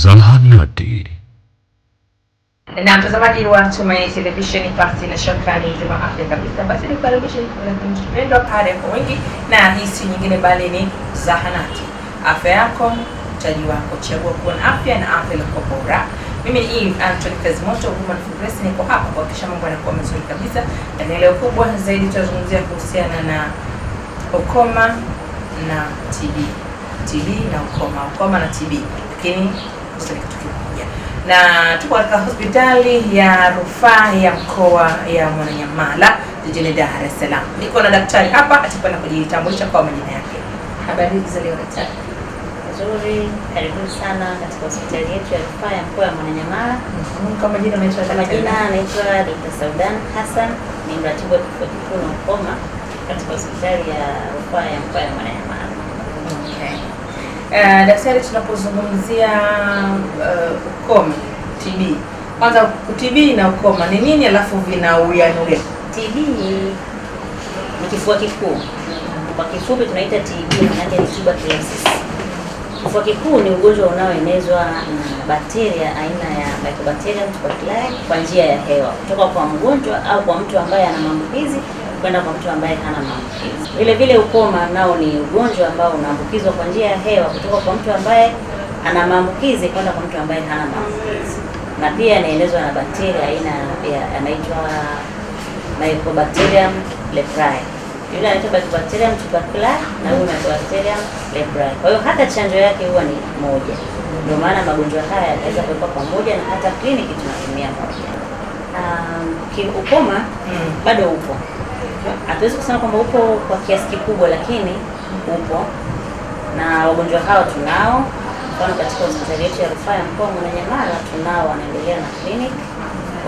zahanati. Na mtazamaji wa Tumaini Television, basi na shaka ni afya kabisa, basi ni kukaribisha mpendwa baada kwa wengi, na hii si nyingine bali ni zahanati. Afya yako mtaji wako, chagua kuwa na afya na afya iliyo bora. Mimi ni Eve Anthony Kazimoto Woman for Grace, niko hapa kuhakikisha mambo yanakuwa mazuri kabisa, na leo kubwa zaidi tutazungumzia kuhusiana na ukoma na TB, TB na ukoma, ukoma na TB, lakini hospitali kitu kimoja, na tuko katika hospitali ya rufaa ya mkoa ya Mwananyamala jijini Dar es Salaam. Niko na daktari hapa, atakwenda kujitambulisha kwa majina yake. Habari za leo daktari? Nzuri, karibu sana katika hospitali yetu ya rufaa ya mkoa ya Mwananyamala. Mhm, kwa majina kama jina? naitwa Dr. Saudan Hassan, ni mratibu wa kifua kikuu na ukoma katika hospitali ya rufaa ya mkoa ya Mwananyamala. Eh, daktari, tunapozungumzia uh, ukoma TB, kwanza TB na ukoma ni nini, alafu vina gani? TB ni kifua kikuu, kwa kifupi tunaita TB, maana ni tuberculosis. Kifua kikuu ni ugonjwa unaoenezwa na bakteria aina ya Mycobacterium tuberculosis kwa njia ya hewa kutoka kwa mgonjwa au kwa mtu ambaye ana maambukizi kwenda kwa mtu ambaye hana maambukizi. Vile vile ukoma nao ni ugonjwa ambao unaambukizwa kwa njia ya hewa kutoka kwa mtu ambaye ana maambukizi kwenda kwa mtu ambaye hana maambukizi, na pia inaelezwa na bakteria aina anaitwa Mycobacterium leprae. Yule anaitwa Mycobacterium tuberculosis na huyu Mycobacterium leprae. Kwa hiyo hata chanjo yake huwa ni moja, ndio maana magonjwa haya yanaweza kuwekwa pamoja na hata kliniki tunatumia moja. Um, ukoma hmm, bado upo hatuwezi kusema kwamba upo kwa kiasi kikubwa, lakini upo na wagonjwa hao tunao. Mfano, katika hospitali yetu ya rufaa ya mkoa Mwananyamala tunao wanaendelea na clinic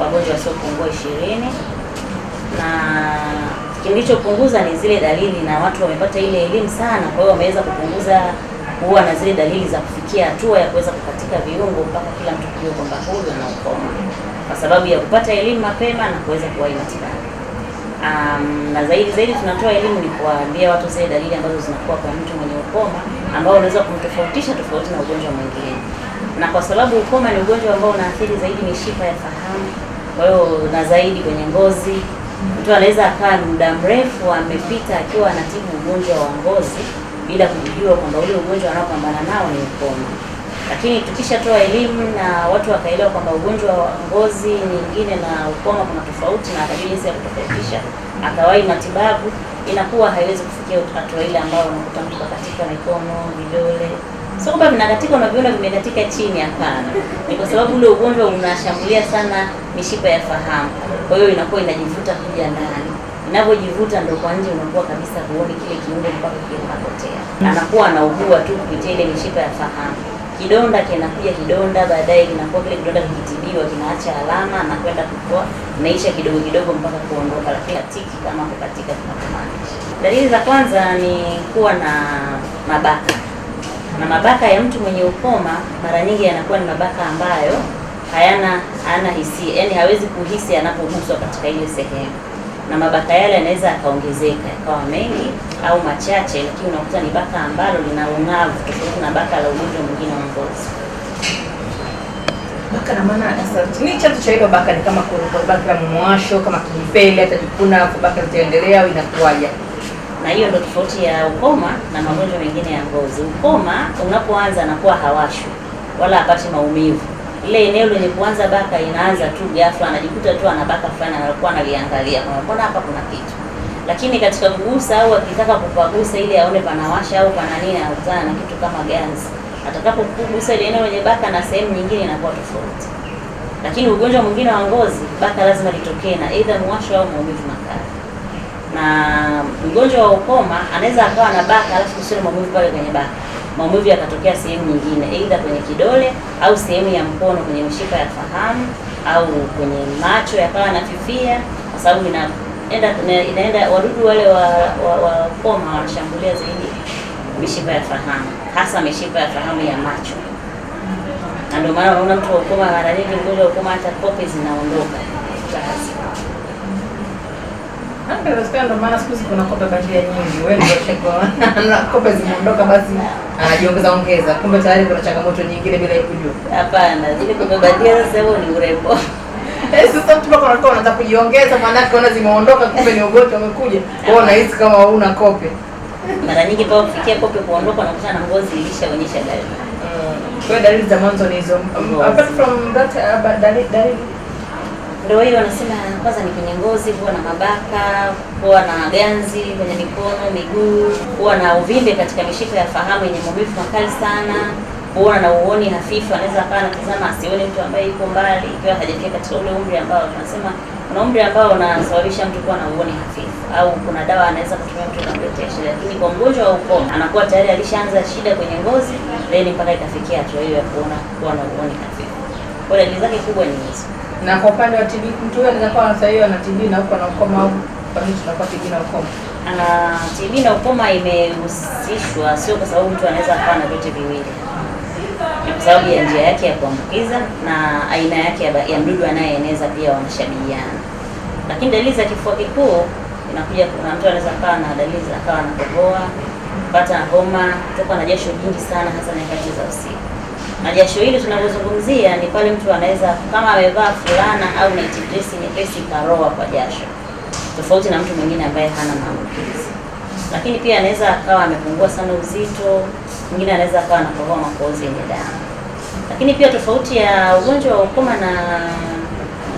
wagonjwa wasiopungua ishirini na kilichopunguza ni zile dalili, na watu wamepata ile elimu sana, kwa hiyo wameweza kupunguza huwa na zile dalili za kufikia hatua ya kuweza kukatika viungo mpaka kila mtu kujua kwamba huyu ana ukoma, kwa sababu ya kupata elimu mapema na kuweza kuwahi matibabu. Um, na zaidi zaidi tunatoa elimu ni kuwaambia watu zile dalili ambazo zinakuwa kwa mtu mwenye ukoma ambao unaweza kumtofautisha tofauti na ugonjwa mwingine, na kwa sababu ukoma ni ugonjwa ambao unaathiri zaidi mishipa ya fahamu, kwa hiyo na zaidi kwenye ngozi. Mtu anaweza akaa muda mrefu amepita akiwa anatibu ugonjwa wa ngozi bila kujua kwamba ule ugonjwa anaopambana nao ni ukoma lakini tukishatoa elimu na watu wakaelewa kwamba ugonjwa wa ngozi nyingine na ukoma kuna tofauti, na akajua jinsi ya kutofautisha, akawahi matibabu, inakuwa haiwezi kufikia hatua ile ambayo unakuta mtu kakatika mikono, vidole. Sio kwamba vinakatika unaviona vimekatika chini, hapana. Ni kwa sababu ule ugonjwa unashambulia sana mishipa ya fahamu, kwa hiyo inakuwa inajivuta kuja ndani inavyojivuta ndo kwa nje unakuwa kabisa huoni kile kiungo mpaka kinapotea. Anakuwa anaugua tu kupitia ile mishipa ya fahamu kidonda kinakuja kidonda, baadaye kinakuwa kile kidonda kikitibiwa kinaacha alama na kwenda kupoa, naisha kidogo kidogo mpaka kuondoka, lakini tiki kama kukatika tunakumaanisha. Dalili za kwanza ni kuwa na mabaka, na mabaka ya mtu mwenye ukoma mara nyingi yanakuwa ni mabaka ambayo hayana hana hisia, yani hawezi kuhisi anapoguswa katika ile sehemu na mabaka yale yanaweza yakaongezeka yakawa mengi au machache, lakini unakuta ni baka ambalo lina ung'avu tofauti na baka la ugonjwa mwingine wa ngozi. Baka na maana ni chanzo cha hilo baka ni kama baka la mwasho, kama kijipele atajikuna baka litaendelea au inakuwaje? Na hiyo ndio tofauti ya ukoma na magonjwa mengine ya ngozi. Ukoma unapoanza anakuwa hawashwi wala hapati maumivu ile eneo lenye kuanza baka inaanza tu ghafla, anajikuta tu ana baka fulani anakuwa analiangalia, mbona hapa kuna kitu. Lakini katika kugusa au akitaka kupagusa ili aone panawasha au pana nini, anakutana na kitu kama ganzi. Atakapokugusa ile eneo lenye baka na sehemu nyingine inakuwa tofauti. Lakini ugonjwa mwingine wa ngozi, baka lazima litokee na either mwasho au maumivu makali. Na mgonjwa wa ukoma anaweza akawa na baka alafu kusema maumivu pale kwenye baka maumivu yakatokea sehemu nyingine, aidha kwenye kidole au sehemu ya mkono, kwenye mshipa ya fahamu au kwenye macho yakawa nafifia kwa sababu inaenda inaenda wadudu wale wa, wa, wa koma wanashambulia zaidi mishipa ya fahamu, hasa mishipa ya fahamu ya macho, na ndio maana unaona mtu wa koma mara nyingi, ngozi ya koma hata kope zinaondoka. Ndio maana siku hizi kuna kope bandia nyingi. Wewe ndio shekwa. Kope zimeondoka basi anajiongeza ongeza. Kumbe tayari kuna changamoto nyingine bila kujua. Hapana, zile kope bandia sasa hiyo ni urembo. Eh, sasa mtu bado anakuwa anataka kujiongeza maanake ona zimeondoka kumbe ni ugonjwa umekuja. Wewe unahisi kama huna kope. Mara nyingi pao kufikia kope kuondoka nakutana na ngozi ilishaonyesha dalili. Mm. Kwa dalili za mwanzo ni hizo. Apart from that uh, dalili dalili ndio hiyo wanasema kwanza ni kwenye ngozi huwa na mabaka, huwa na ganzi kwenye mikono, miguu, huwa na uvimbe katika mishipa ya fahamu yenye maumivu makali sana, huwa na uoni hafifu, anaweza akawa anatazama asione mtu ambaye yuko mbali, ikiwa hajafikia katika ule umri ambao tunasema kuna umri ambao unasababisha mtu kuwa na uoni hafifu, au kuna dawa anaweza kutumia mtu inamletea shida. Lakini kwa mgonjwa wa ukoma anakuwa tayari alishaanza shida kwenye ngozi leni mpaka ikafikia hatua hiyo ya kuona kuwa na uoni hafifu. Kwa dalili zake kubwa ni hizo. Na kwa upande wa TB, mtu huyo anaweza kuwa sasa hivi ana TB na huko na ukoma au kwa nini tunakuwa TB na ukoma? Ana TB na ukoma imehusishwa sio kwa sababu mtu anaweza kuwa na vyote viwili. Ni kwa sababu ya njia yake ya kuambukiza na aina yake ya mdudu anayeeneza pia wanashabihiana. Lakini dalili za kifua kikuu inakuja kuna mtu anaweza kuwa na dalili akawa anakohoa, kupata homa, kutoka na jasho jingi sana hasa nyakati za usiku na jasho hili tunavyozungumzia ni pale mtu anaweza kama amevaa fulana au night dress nyepesi karoa kwa jasho, tofauti na mtu mwingine ambaye hana maambukizi. Lakini pia anaweza akawa amepungua sana uzito, mwingine anaweza akawa anakohoa makohozi yenye damu. Lakini pia tofauti ya ugonjwa wa ukoma na na,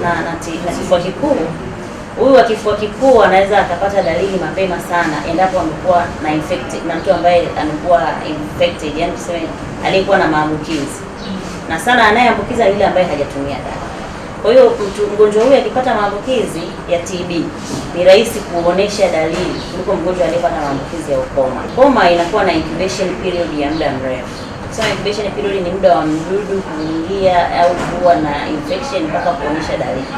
na, na, na kifua kikuu Huyu wa kifua kikuu anaweza akapata dalili mapema sana endapo amekuwa na infected na mtu ambaye amekuwa infected, yani tuseme aliyekuwa na maambukizi, mm. na sana anayeambukiza yule ambaye hajatumia dawa. Kwa hiyo mtu mgonjwa huyu akipata maambukizi ya TB ni rahisi kuonesha dalili kuliko mgonjwa aliyepata maambukizi ya ukoma. Ukoma inakuwa na incubation period ya muda mrefu. So, incubation period ni muda wa mdudu kuingia au kuwa na infection mpaka kuonesha dalili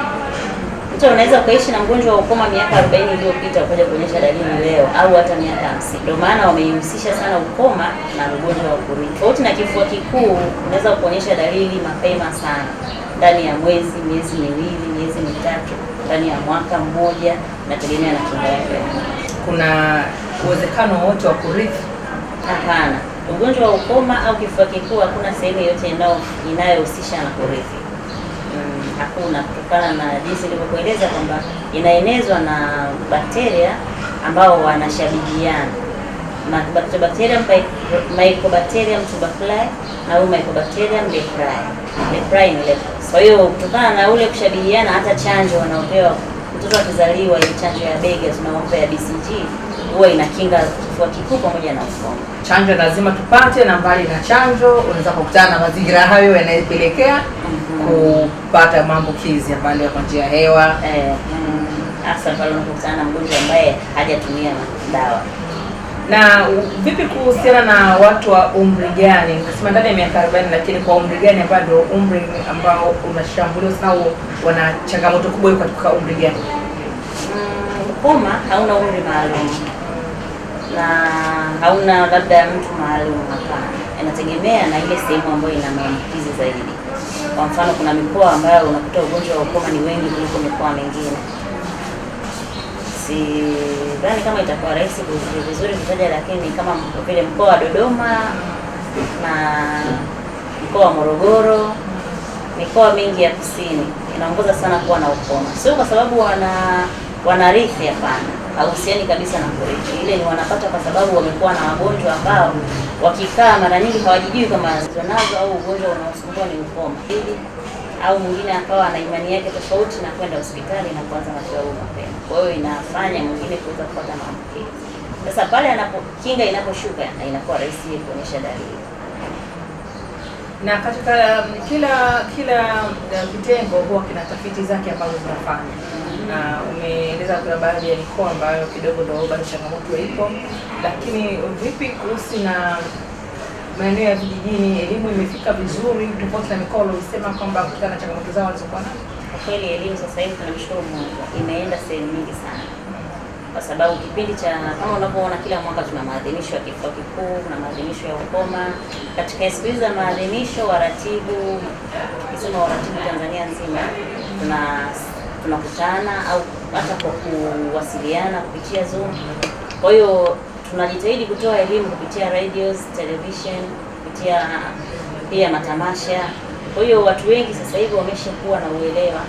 mtu anaweza ukaishi na mgonjwa wa ukoma miaka 40 iliyopita kuja kuonyesha dalili leo au hata miaka 50. Ndio maana wameihusisha sana ukoma na ugonjwa wa kurudi. Tofauti na kifua kikuu, unaweza kuonyesha dalili mapema sana, ndani ya mwezi, miezi miwili, miezi mitatu, ndani ya mwaka mmoja, nategemea na kinga yake. Kuna uwezekano wote wa kurithi? Hapana, ugonjwa wa ukoma au kifua kikuu hakuna sehemu yoyote inayohusisha na kurithi hakuna, kutokana na jinsi nilivyokueleza kwamba inaenezwa na bakteria ambao wanashabihiana Mycobacterium Mycobacterium tuberculosis na huyu Mycobacterium leprae. Leprae ni lepra. Kwa hiyo kutokana na ule kushabihiana, hata chanjo wanaopewa mtoto akizaliwa, ile chanjo ya bega tunaomba ya BCG huwa inakinga kifua kikuu pamoja na ukoma. Chanjo lazima tupate, na mbali na chanjo unaweza kukutana na mazingira hayo yanayopelekea mm -hmm. kupata maambukizi mbali ya kwa njia ya hewa eh, mm, hasa pale unapokutana na mgonjwa ambaye hajatumia dawa. Na vipi kuhusiana na watu wa umri gani? Nasema ndani ya miaka 40, lakini kwa umri gani ambao ndio umri ambao unashambuliwa sana, wana changamoto kubwa katika umri gani? Homa mm, hauna umri maalum na hauna labda mtu maalum, hapana. Inategemea na ile sehemu ambayo ina maambukizi zaidi. Kwa mfano, kuna mikoa ambayo unakuta ugonjwa wa ukoma ni wengi kuliko mikoa mingine. Sidhani kama itakuwa rahisi vizuri kutaja, lakini kama vile mkoa wa Dodoma na mkoa wa Morogoro, mikoa mingi ya kusini inaongoza sana kuwa na ukoma, sio kwa sababu wana wanarithi, hapana hahusiani kabisa na koleji ile, ni wanapata kwa sababu wamekuwa na wagonjwa ambao wakikaa mara nyingi hawajijui kama wanazo au ugonjwa unaosumbua ni ukoma au mwingine akawa ana imani yake tofauti na kwenda hospitali na kuanza matibabu mapema. Kwa hiyo inafanya mwingine kuweza kupata maambukizi. Sasa pale anapokinga inaposhuka, inakuwa rahisi kuonyesha dalili na katika um, kila kila um, kitengo huwa kina tafiti zake ambazo zinafanya na umeeleza kuna baadhi ya mikoa ambayo kidogo ndio bado changamoto ipo, lakini vipi kuhusu na maeneo ya vijijini, elimu imefika vizuri tofauti na mikoa ulisema kwamba kutokana na changamoto zao walizokuwa nazo? Kwa kweli elimu sasa hivi tunamshukuru Mungu, imeenda sehemu nyingi sana kwa sababu kipindi cha kama unavyoona kila mwaka tuna maadhimisho ya kifua kikuu na maadhimisho ya ukoma. Katika siku hizi za maadhimisho, waratibu tukisema waratibu Tanzania nzima tuna tunakutana au hata kwa kuwasiliana kupitia Zoom. Kwa hiyo tunajitahidi kutoa elimu kupitia radios, television, kupitia pia matamasha. Kwa hiyo watu wengi sasa hivi wameshakuwa na uelewa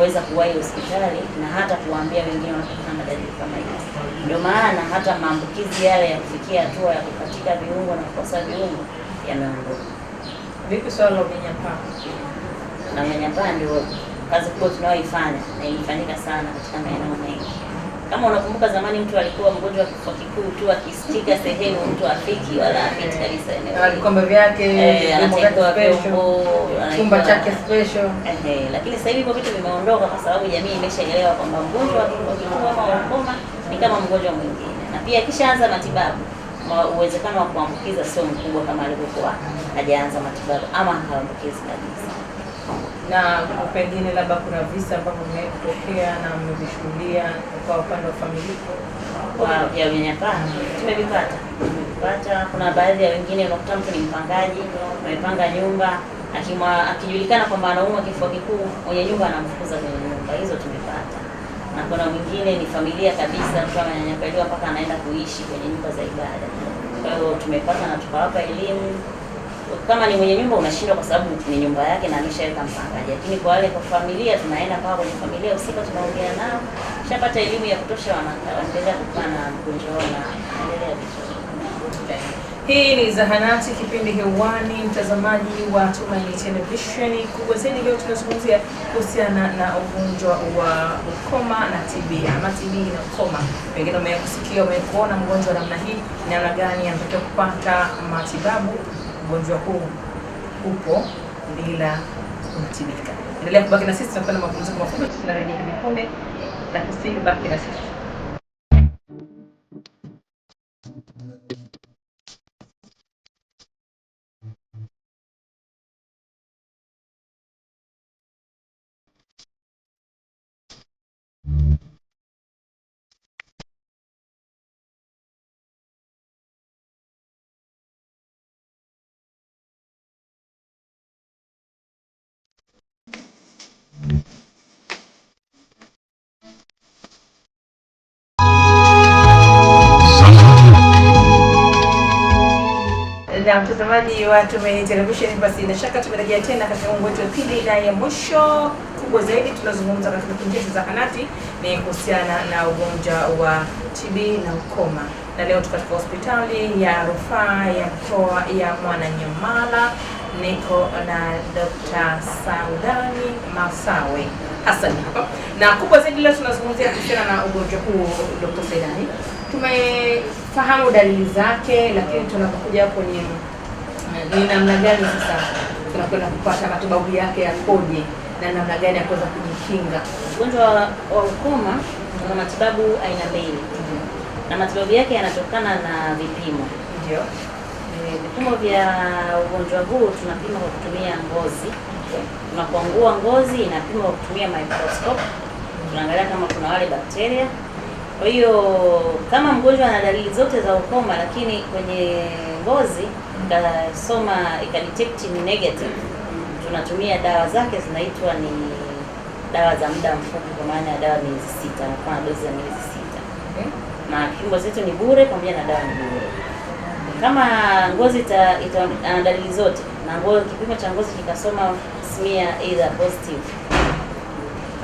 kuweza kuwahi hospitali na hata kuwaambia wengine wanapopata majaribu kama hiyo. Ndio maana hata maambukizi yale ya kufikia hatua ya kukatika viungo na kukosa viungo yameondoka. Vipi swala la unyanyapaa? Na unyanyapaa ndio kazi kubwa tunayoifanya na imefanyika sana katika maeneo mengi kama unakumbuka zamani, mtu alikuwa mgonjwa wa kifua kikuu tu, akistika sehemu mtu afiki wala afiki kabisa eneo, alikombe vyake anatengewa eh, vyombo, chumba chake special. Eh, lakini sasa hivi hivyo vitu vimeondoka, kwa sababu jamii imeshaelewa kwamba mgonjwa wa kifua kikuu ama ukoma ni kama mgonjwa mwingine, na pia akishaanza matibabu uwezekano wa kuambukiza sio mkubwa kama alivyokuwa hajaanza matibabu ama haambukizi kabisa na pengine labda kuna visa ambavyo vimepokea na mmevishughulia kwa upande wa familia vya unyanyapaa? Tumevipata, tumevipata. Kuna baadhi ya wengine unakuta mtu ni mpangaji, amepanga nyumba akima, akijulikana kwamba anaumwa kifua kikuu, mwenye nyumba anamfukuza kwenye nyumba. Hizo tumepata, na kuna mwingine ni familia kabisa, mtu ananyanyapaliwa mpaka anaenda kuishi kwenye nyumba za ibada. Kwa hiyo tumepata na tukawapa elimu kama ni mwenye nyumba unashindwa kwa sababu ni nyumba yake na ameshaweka mpangaji, lakini kwa wale kwa familia tunaenda kwa kwenye familia husika, tunaongea nao, shapata elimu ya kutosha, wanaendelea kukaa na mgonjwa wao na endelea vizuri. Hii ni zahanati, kipindi hewani, mtazamaji wa Tumaini Television. Kubwa zaidi leo tunazungumzia kuhusiana na ugonjwa wa ukoma na TB ama TB na ukoma. Pengine umekusikia umekuona mgonjwa namna hii, namna gani anatakiwa kupata matibabu ugonjwa huu upo, bila unatibika. Endelea kubaki na sisi, tunafanya mapumziko mafupi, tunarejea hivi punde na kusii, baki na sisi. na mtazamaji wa Tumaini Television, basi na shaka tumerejea tena katika ungo wetu wa pili na ya mwisho kubwa zaidi tunazungumza katika kipindi za zahanati ni kuhusiana na ugonjwa wa TB na ukoma, na leo tuko katika hospitali ya rufaa ya mkoa ya Mwananyamala. Niko na Dr. Saudani Masawe Hassan hapa, na kubwa zaidi leo tunazungumzia kuhusiana na ugonjwa huu. Dr. Saudani, tume fahamu dalili zake, lakini tunapokuja kwenye ni namna gani sasa tunakwenda kupata matibabu yake yakoje na namna gani ya kuweza kujikinga. Ugonjwa wa ukoma una matibabu aina mbili na matibabu yake yanatokana na vipimo. Ndio. Eh, vipimo vya ugonjwa huu tunapima kwa kutumia ngozi, tunakuangua ngozi, inapima kwa kutumia microscope, tunaangalia kama kuna wale bakteria kwa hiyo kama mgonjwa ana dalili zote za ukoma, lakini kwenye ngozi ikasoma ikadetect ni negative, tunatumia dawa zake zinaitwa ni dawa za muda mfupi, kwa maana ya dawa miezi sita, kwa dozi ya miezi sita okay. Na kingo zetu ni bure pamoja na dawa ni bure. Kama ngozi ita, ita, ana dalili zote na ngozi, kipimo cha ngozi kikasoma smear either positive,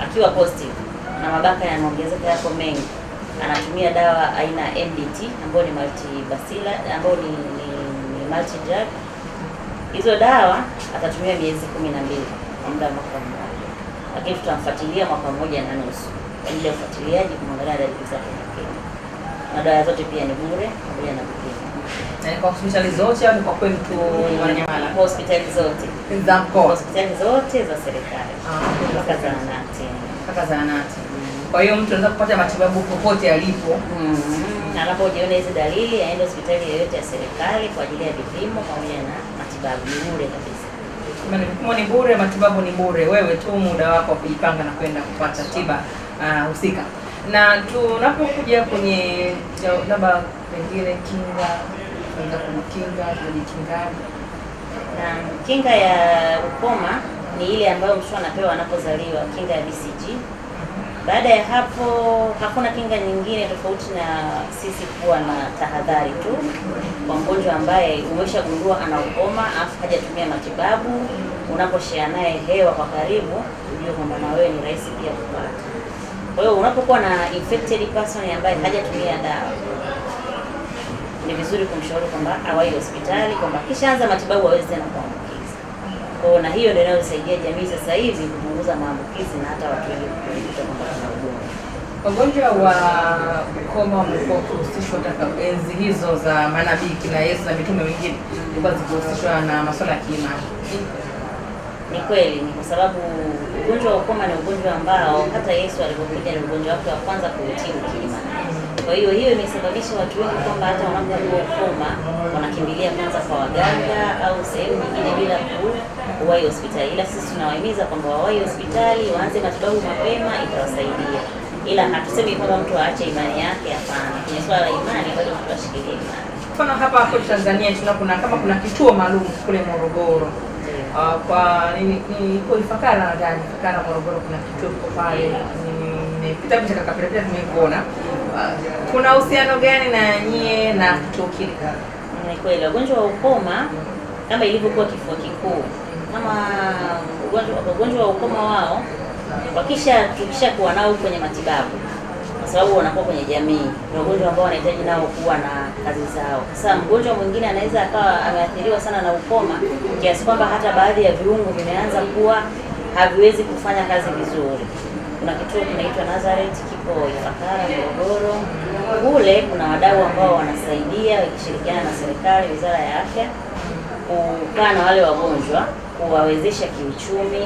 akiwa positive na mabaka yanaongezeka yako mengi anatumia dawa aina ya MDT ambayo ni multibacilla ambayo ni, ni, ni multi drug. Hizo dawa atatumia miezi kumi na mbili kwa muda wa mwaka mmoja, lakini tutamfuatilia mwaka mmoja na nusu kwa ajili ya ufuatiliaji, kumwangalia dalili zake na kinga, na dawa zote pia ni bure pamoja na kupima hospitali zote au kwa kwetu Kwa hospitali zote za hospitali zote za serikali ah, mpaka zahanati, mpaka zahanati. Kwa hiyo mtu anaweza kupata matibabu popote alipo. Mm mm-hmm. Anapojiona hizo dalili aende yaani hospitali yoyote ya serikali kwa ajili ya vipimo pamoja na matibabu, ni bure kabisa. Vipimo ni bure, matibabu ni bure, wewe tu muda wako wa kujipanga na kwenda kupata tiba uh, Na tunapokuja kwenye labda pengine kinga za kinga kujikingaji na kinga ya ukoma ni ile ambayo mtu anapewa anapozaliwa, kinga ya BCG baada ya hapo hakuna kinga nyingine tofauti na sisi kuwa na tahadhari tu kwa mgonjwa ambaye umeshagundua ana ukoma afu hajatumia matibabu. Unaposhea naye hewa kwa karibu, ujue kwamba na wewe ni rahisi pia kupata. Kwa hiyo unapokuwa na infected person ambaye hajatumia dawa, ni vizuri kumshauri kwamba awahi hospitali, kwamba kishaanza matibabu aweze tena kuamka. Kwa na hiyo ndio inayosaidia jamii sasa hivi kupunguza maambukizi na hata watu wengi kuelimika kwamba ugonjwa. Wagonjwa wa ukoma wamekuwa kuhusishwa enzi hizo za manabii kina Yesu na mitume wengine ilikuwa zikihusishwa na masuala ya kiimani. Ni kweli, ni kwa sababu ugonjwa wa ukoma ni ugonjwa ambao hata Yesu alipokuja ni ugonjwa wake wa kwanza kuutibu kiimani. Kwa hiyo hiyo imesababisha watu wengi kwamba hata wanapokuwa ukoma wanakimbilia kwanza kwa waganga au sehemu nyingine bila ku kuwahi hospitali, ila sisi tunawahimiza kwamba wawahi hospitali, waanze matibabu mapema, itawasaidia. Ila hatusemi kwamba mtu aache imani yake, hapana. Kwenye swala la imani bado tunashikilia imani. Mfano hapa hapo Tanzania tuna kuna kama kuna kituo maalum kule Morogoro Uh, kwa nini iko Ifakara gani Ifakara Morogoro kuna kituo kiko pale, nimepita pita kaka pita tumekuona. Ah, kuna uhusiano gani na nyie na kituo kile? Ni kweli wagonjwa wa ukoma kama ilivyokuwa kifua kikuu kama ugonjwa wa ukoma wao, wakisha tukisha kuwa nao kwenye matibabu, kwa sababu wanakuwa kwenye jamii, ni wagonjwa ambao wanahitaji nao kuwa na kazi zao. Sasa mgonjwa mwingine anaweza akawa ameathiriwa sana na ukoma kiasi kwamba hata baadhi ya viungo vimeanza kuwa haviwezi kufanya kazi vizuri. Kuna kituo kinaitwa Nazareth kiko Ifakara, Morogoro. Kule kuna wadau ambao wanasaidia wakishirikiana na serikali, wizara ya afya, kukaa na wale wagonjwa kuwawezesha kiuchumi,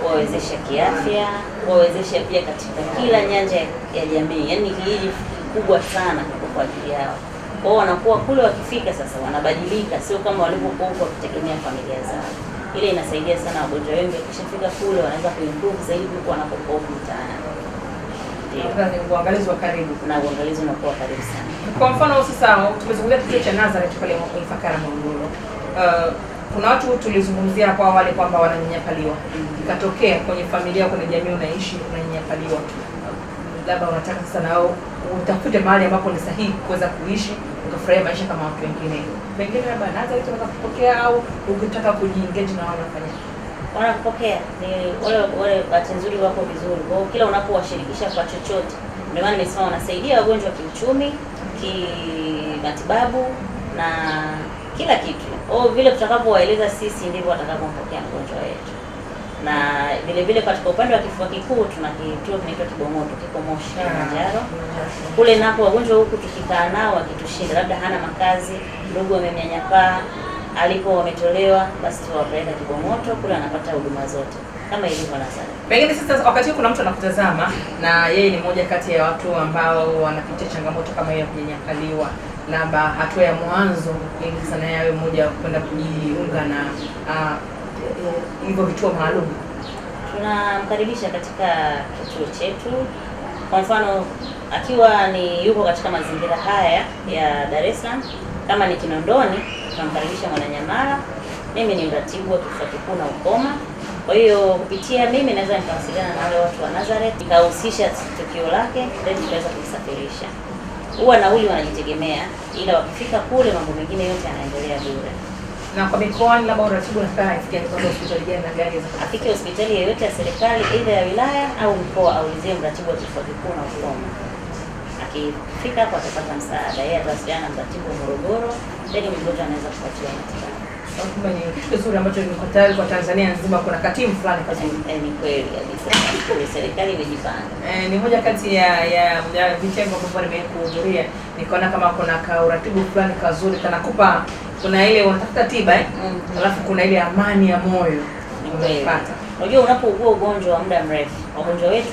kuwawezesha kiafya, kuwawezesha pia katika kila nyanja ya jamii. Yaani kijiji kikubwa sana kwa ajili yao kwao, wanakuwa kule wakifika sasa wanabadilika, sio kama walivyokuwa huko wakitegemea familia zao. Ile inasaidia sana wagonjwa wengi wakishafika kule wanaweza kuimprove zaidi huko wanapokuwa mtaani uangalizi wa karibu na uangalizi unakuwa karibu sana. Kwa mfano sasa tumezungumzia kituo cha Nazareth pale Ifakara Morogoro kuna watu tulizungumzia hapo awali kwamba wananyanyapaliwa, ikatokea kwenye familia, kwenye jamii unaishi unanyanyapaliwa, labda unataka sana au utafute mahali ambapo ni sahihi kuweza kuishi ukafurahia maisha kama watu wengine, pengine labda naza naanza unataka kupokea au ukitaka kujiengage na wao unafanya wanakupokea ni wale wale, bahati nzuri wako vizuri. kwao, kila unapowashirikisha kwa chochote, ndio maana nimesema wanasaidia wagonjwa kiuchumi, kimatibabu na kila kitu. O, vile tutakapowaeleza sisi ndivyo watakavyopokea mgonjwa wetu. Na vile vile katika upande wa kifua kikuu tuna kituo kinaitwa Kibomoto, kiko Moshi ah, Kilimanjaro. Kule napo wagonjwa huku tukikaa nao wakitushinda, labda hana makazi, ndugu wamemnyanyapaa, alipo wametolewa, basi tuwapeleka Kibomoto kule, anapata huduma zote kama ilivyo na sasa. Pengine sasa, wakati kuna mtu anakutazama na yeye ni mmoja kati ya watu ambao wanapitia changamoto kama hiyo ya kunyanyapaliwa namba hatua ya mwanzo ili sasa yawe moja kwenda kujiunga na ah, hivyo uh, vituo maalum. Tunamkaribisha katika kituo chetu, kwa mfano akiwa ni yuko katika mazingira haya ya Dar es Salaam, kama ni Kinondoni, tunamkaribisha Mwananyamala. Mimi ni mratibu wa kifua kikuu na ukoma. Kwa hiyo kupitia mimi naweza nikawasiliana na wale watu wa Nazareth, nikahusisha tukio lake, then nikaweza kumsafirisha huwa nauli wanajitegemea, ila wakifika kule mambo mengine yote yanaendelea bure. Na kwa mikoani labda uratibu unafika ifikia kwa hospitali gani na gari za afike hospitali yoyote ya serikali aidha ya wilaya au mkoa, aulizie mratibu wa kifua kikuu na ukoma. Akifika hapo atapata msaada, yeye atawasiliana na mratibu wa Morogoro, then mgonjwa anaweza kupatiwa matibabu kizuri ambacho iko kwa Tanzania nzima, kuna katimu fulani kazuri. Eh, ni kweli kabisa, serikali imejipanga. Eh, ni moja kati ya ya vitengo ambavyo nimekuhudhuria, nikaona kama kuna kauratibu uratibu fulani kazuri kanakupa, kuna ile unatafuta tiba eh, mhm. alafu kuna ile amani ya moyo unaipata. Unajua, unapougua ugonjwa wa muda mrefu, wagonjwa wetu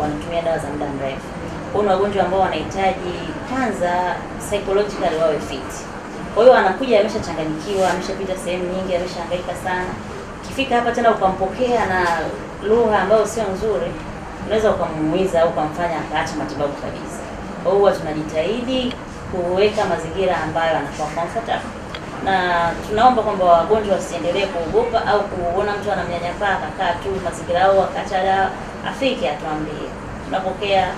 wanatumia dawa za muda mrefu. Kuna wagonjwa ambao wanahitaji kwanza psychologically wawe fit kwa hiyo anakuja ameshachanganyikiwa, ameshapita sehemu nyingi, ameshahangaika sana. Ukifika hapa tena ukampokea na lugha ambayo sio nzuri, unaweza ukamuumiza au ukamfanya akaacha matibabu kabisa. Kwa hiyo huwa tunajitahidi kuweka mazingira ambayo anakuwa comfortable na tunaomba kwamba wagonjwa wasiendelee kuogopa au kuona mtu anamnyanyapaa akakaa tu mazingira au akachada, afike atuambie. Tunapokea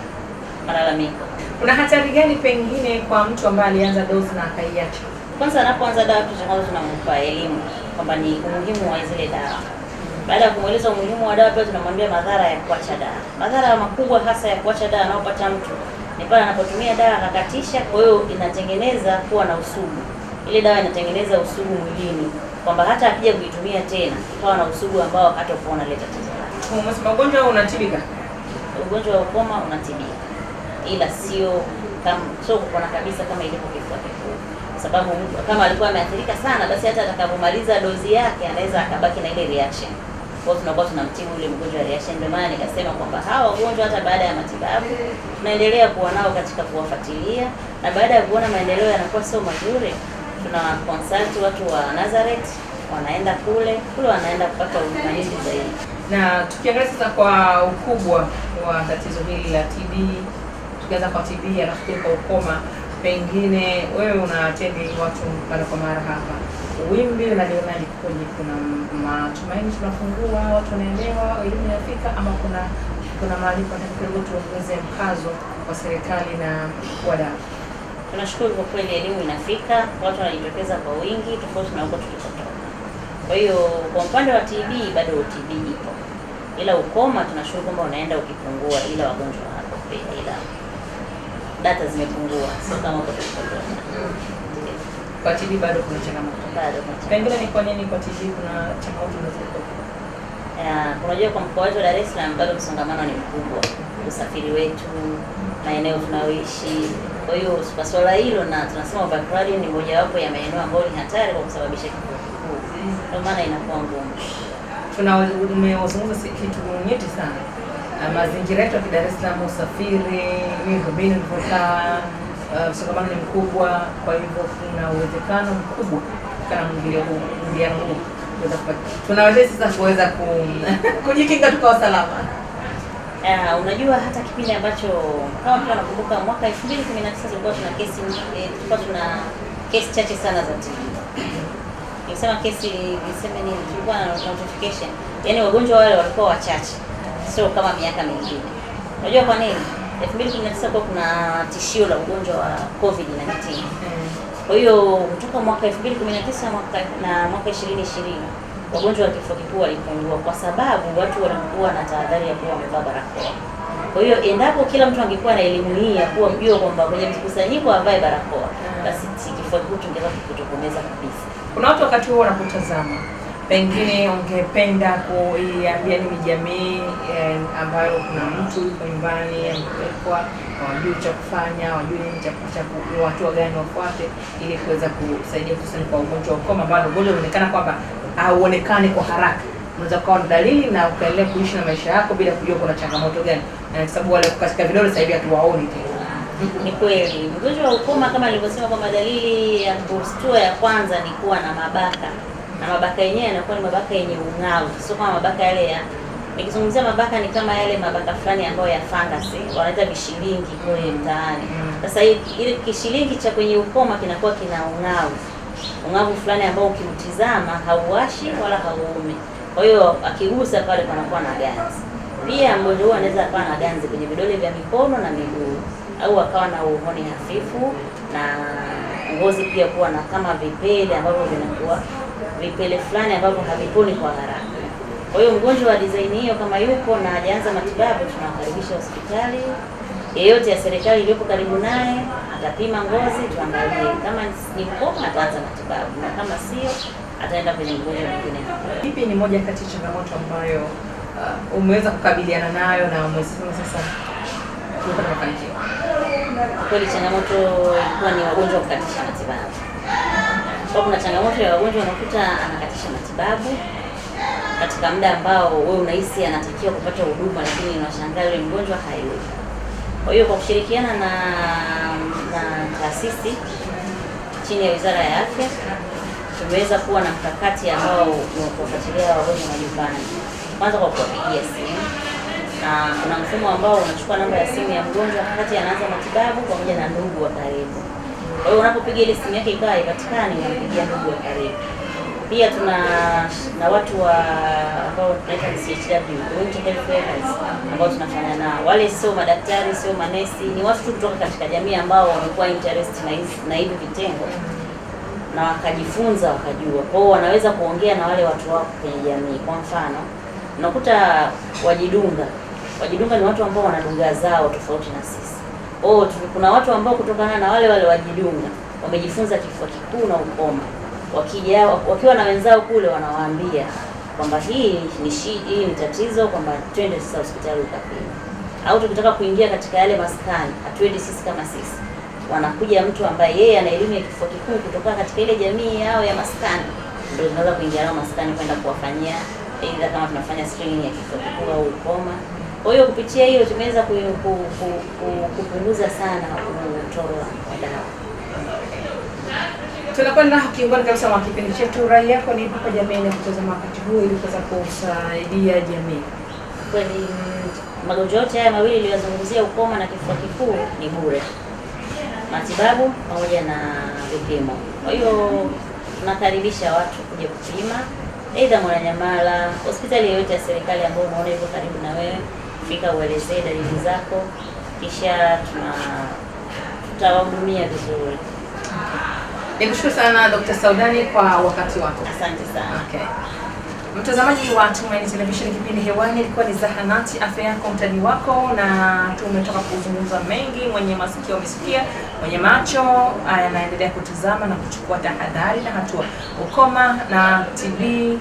malalamiko. Kuna hatari gani pengine kwa mtu ambaye alianza dozi na akaiacha? kwanza anapoanza dawa, kitu cha kwanza tunampa elimu kwamba ni umuhimu wa zile dawa. Baada ya kumweleza umuhimu wa dawa, pia tunamwambia madhara ya kuacha dawa. Madhara makubwa hasa ya kuacha dawa anayopata mtu ni pale anapotumia dawa akakatisha, kwa hiyo inatengeneza kuwa na usugu. Ile dawa inatengeneza usugu mwilini, kwamba hata akija kuitumia tena ikawa na usugu ambao hatopona leta tatizo. Magonjwa unatibika, ugonjwa wa ukoma unatibika, ila sio kama sio kupona kabisa kama ilivyo kifua kikuu kwa sababu kama alikuwa ameathirika sana, basi hata atakapomaliza dozi yake anaweza akabaki na ile reaction. Kwa hiyo tunakuwa tunamtibu yule mgonjwa reaction. Ndio maana nikasema kwamba hawa wagonjwa hata baada ya matibabu tunaendelea kuwa nao katika kuwafuatilia, na baada ya kuona maendeleo yanakuwa sio mazuri, tuna consult watu wa Nazareth, wanaenda kule kule, wanaenda kupata nyingi zaidi. Na tukiangalia sasa kwa ukubwa wa tatizo hili la TB, tukianza kwa TB alafu kwa ukoma pengine wewe unatendi watu mara kwa mara hapa Wimbi unaliona likoje? Kuna matumaini tunafungua, watu wanaelewa, elimu inafika, ama kuna kuna mahali panakidogo tuongeze mkazo kwa serikali na wadau? Tunashukuru kwa kweli, elimu inafika, watu wanajitokeza kwa wingi, tofauti na huko tulikotoka. Kwa hiyo kwa upande wa TB bado TB ipo, ila ukoma tunashukuru kwamba unaenda ukipungua, ila wagonjwa wako ila data zimepungua, sio kama kwa kwa TV bado kuna changamoto. Bado kuna changamoto. Pengine ni kwa nini kwa TV kuna changamoto zinazokuwepo? Unajua, kwa mkoa wetu Dar es Salaam bado msongamano ni mkubwa, usafiri wetu, maeneo tunayoishi. Kwa hiyo kwa swala hilo, na tunasema overcrowding ni moja wapo ya maeneo ambayo ni hatari kwa kusababisha kifo kikuu, ndio maana inakuwa ngumu. Tunawazungumza kitu nyeti sana mazingira yetu ya Dar es Salaam, usafiri, miundombinu ilivyokaa, uh, msongamano ni mkubwa. Kwa hivyo kuna uwezekano mkubwa kana mwingilio huu mgiliano huu tunaweza sasa kuweza kujikinga tukawa salama. Uh, unajua hata kipindi ambacho kama mtu anakumbuka mwaka 2019 tulikuwa tuna kesi tulikuwa tuna kesi chache sana za TB. Nimesema kesi niseme nini, tulikuwa na notification, yaani wagonjwa wale walikuwa wachache sio kama miaka mingine. Unajua kwa nini? 2019 kwa kuna tishio la ugonjwa wa COVID-19. Mm. Kwa hiyo kutoka mwaka 2019 na mwaka 2020 wagonjwa wa kifua kikuu walipungua, kwa sababu watu walikuwa na tahadhari ya kuwa wamevaa barakoa. Kwa hiyo endapo kila mtu angekuwa na elimu hii ya kuwa mjua kwamba kwenye mkusanyiko avae barakoa, mm. basi kifua kikuu tungeweza kukutokomeza kabisa. Kuna watu wakati huo wanakutazama pengine ungependa kuiambia nini jamii eh, ambayo kuna mtu yuko nyumbani amepelekwa, hawajui cha kufanya, hawajui nini cha hatua gani wafuate ili kuweza kusaidia hususani kwa ugonjwa wa ukoma ambao ugonjwa unaonekana kwamba hauonekani kwa haraka, unaweza kuwa na dalili na ukaendelea kuishi na maisha yako bila kujua kuna changamoto gani, na sababu wale katika vidole sasa hivi hatuwaoni tena. Ni kweli ugonjwa wa ukoma kama alivyosema kwamba dalili ya kustua ya kwanza ni kuwa na mabaka na mabaka yenyewe yanakuwa ni mabaka yenye ung'avu, sio kama mabaka yale ya nikizungumzia mabaka ni kama yale mabaka fulani ambayo ya fangasi wanaita vishilingi kule mtaani. Sasa ile kishilingi cha kwenye ukoma kinakuwa kina ung'avu ung'avu fulani ambao ukimtizama hauwashi wala hauumi. Kwa hiyo akigusa pale panakuwa na ganzi. Pia mgonjwa huyo anaweza akawa na ganzi kwenye vidole vya mikono na miguu, au akawa na uhoni hafifu na ngozi pia kuwa na kama vipele ambavyo vinakuwa vipele fulani ambavyo haviponi kwa haraka. Kwa hiyo mgonjwa wa design hiyo kama yuko na hajaanza matibabu, tunawakaribisha hospitali yeyote ya serikali iliyopo karibu naye, atapima ngozi tuangalie, kama ni mkoma ataanza matibabu, na kama sio ataenda kwenye mgonjwa mwingine. Vipi ni moja kati ya changamoto ambayo uh, umeweza kukabiliana nayo na umesema sasa kweli changamoto ilikuwa ni wagonjwa kukatisha matibabu sababu kuna changamoto ya wagonjwa unakuta anakatisha matibabu katika muda ambao wewe unahisi anatakiwa kupata huduma, lakini unashangaa yule mgonjwa hayupo. Kwa hiyo kwa kushirikiana na na taasisi chini ya Wizara ya Afya tumeweza kuwa na mkakati ambao unafuatilia wagonjwa majumbani, kwanza kwa kuwapigia simu na kuna mfumo ambao unachukua namba ya simu ya mgonjwa wakati anaanza matibabu pamoja na ndugu wa karibu. Kwa hiyo unapopiga ile simu yake ikawa haipatikani, unampigia ndugu wa karibu. Pia tuna na watu wa ambao tunaita CHW, Community Health Workers, ambao tunafanya nao. Wale sio madaktari, sio manesi, ni watu tu kutoka katika jamii ambao wamekuwa interest na hizi na hivi vitengo na wakajifunza wakajua. Kwa hiyo wanaweza kuongea na wale watu wao kwenye jamii. Kwa mfano, unakuta wajidunga. Wajidunga ni watu ambao wanadunga zao tofauti na sisi oh, kuna watu ambao kutokana na wale wale wajidunga wamejifunza kifua kikuu na ukoma, wakija wakiwa na wenzao kule wanawaambia kwamba hii ni hii ni tatizo, kwamba twende sasa hospitali ukapima, au tukitaka kuingia katika yale maskani hatuendi sisi kama sisi, wanakuja mtu ambaye yeye ana elimu ya kifua kikuu kutoka katika ile jamii yao ya maskani, ndio tunaweza kuingia nao maskani kwenda kuwafanyia, aidha kama tunafanya screening ya kifua kikuu au ukoma. Kwa hiyo kupitia hiyo tumeweza kupunguza sana utoro wa dawa. Tunakwenda kiungani kabisa mwa kipindi chetu. Rai yako ni kwa jamii na kutazama wakati huu ili kuweza kusaidia jamii. Kweli magonjwa yote haya mawili niliyozungumzia, ukoma na kifua kikuu, ni bure matibabu pamoja na vipimo. Kwa hiyo tunakaribisha watu kuja kupima, aidha Mwananyamala, hospitali yoyote ya serikali ambayo unaona iko karibu na wewe kufika uelezee dalili zako, kisha tutawahudumia vizuri. Nikushukuru sana Dr. Saudani kwa wakati wako. Asante sana. Okay. Mtazamaji wa Tumaini Television, kipindi hewani ilikuwa ni zahanati afya yako mtaji wako, na tumetoka kuzungumza mengi. Mwenye masikio amesikia, mwenye macho anaendelea kutizama na kuchukua tahadhari na hatua. Ukoma na TB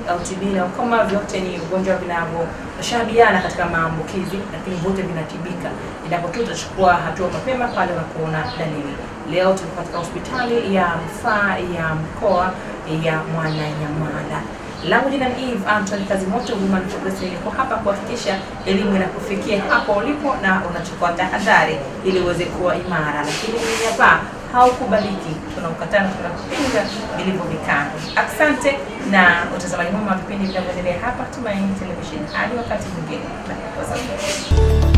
au TB na ukoma vyote ni ugonjwa vinavyoshabiana katika maambukizi, lakini vyote vinatibika endapo tu tutachukua hatua mapema pale unapoona dalili. Leo tuko katika hospitali ya rufaa ya mkoa ya Mwananyamala langu jina ni Eve Anthony Kazimoto, Women Progress. Niko hapa kuhakikisha elimu inakufikia hapo ulipo na unachukua tahadhari ili uweze kuwa imara, lakini unyanyapaa haukubaliki. Tunaukataa na tunakupinga vilivyo vikali. Asante na utazamaji mwema wa vipindi vinavyoendelea hapa Tumaini Television. Hadi wakati mwingine.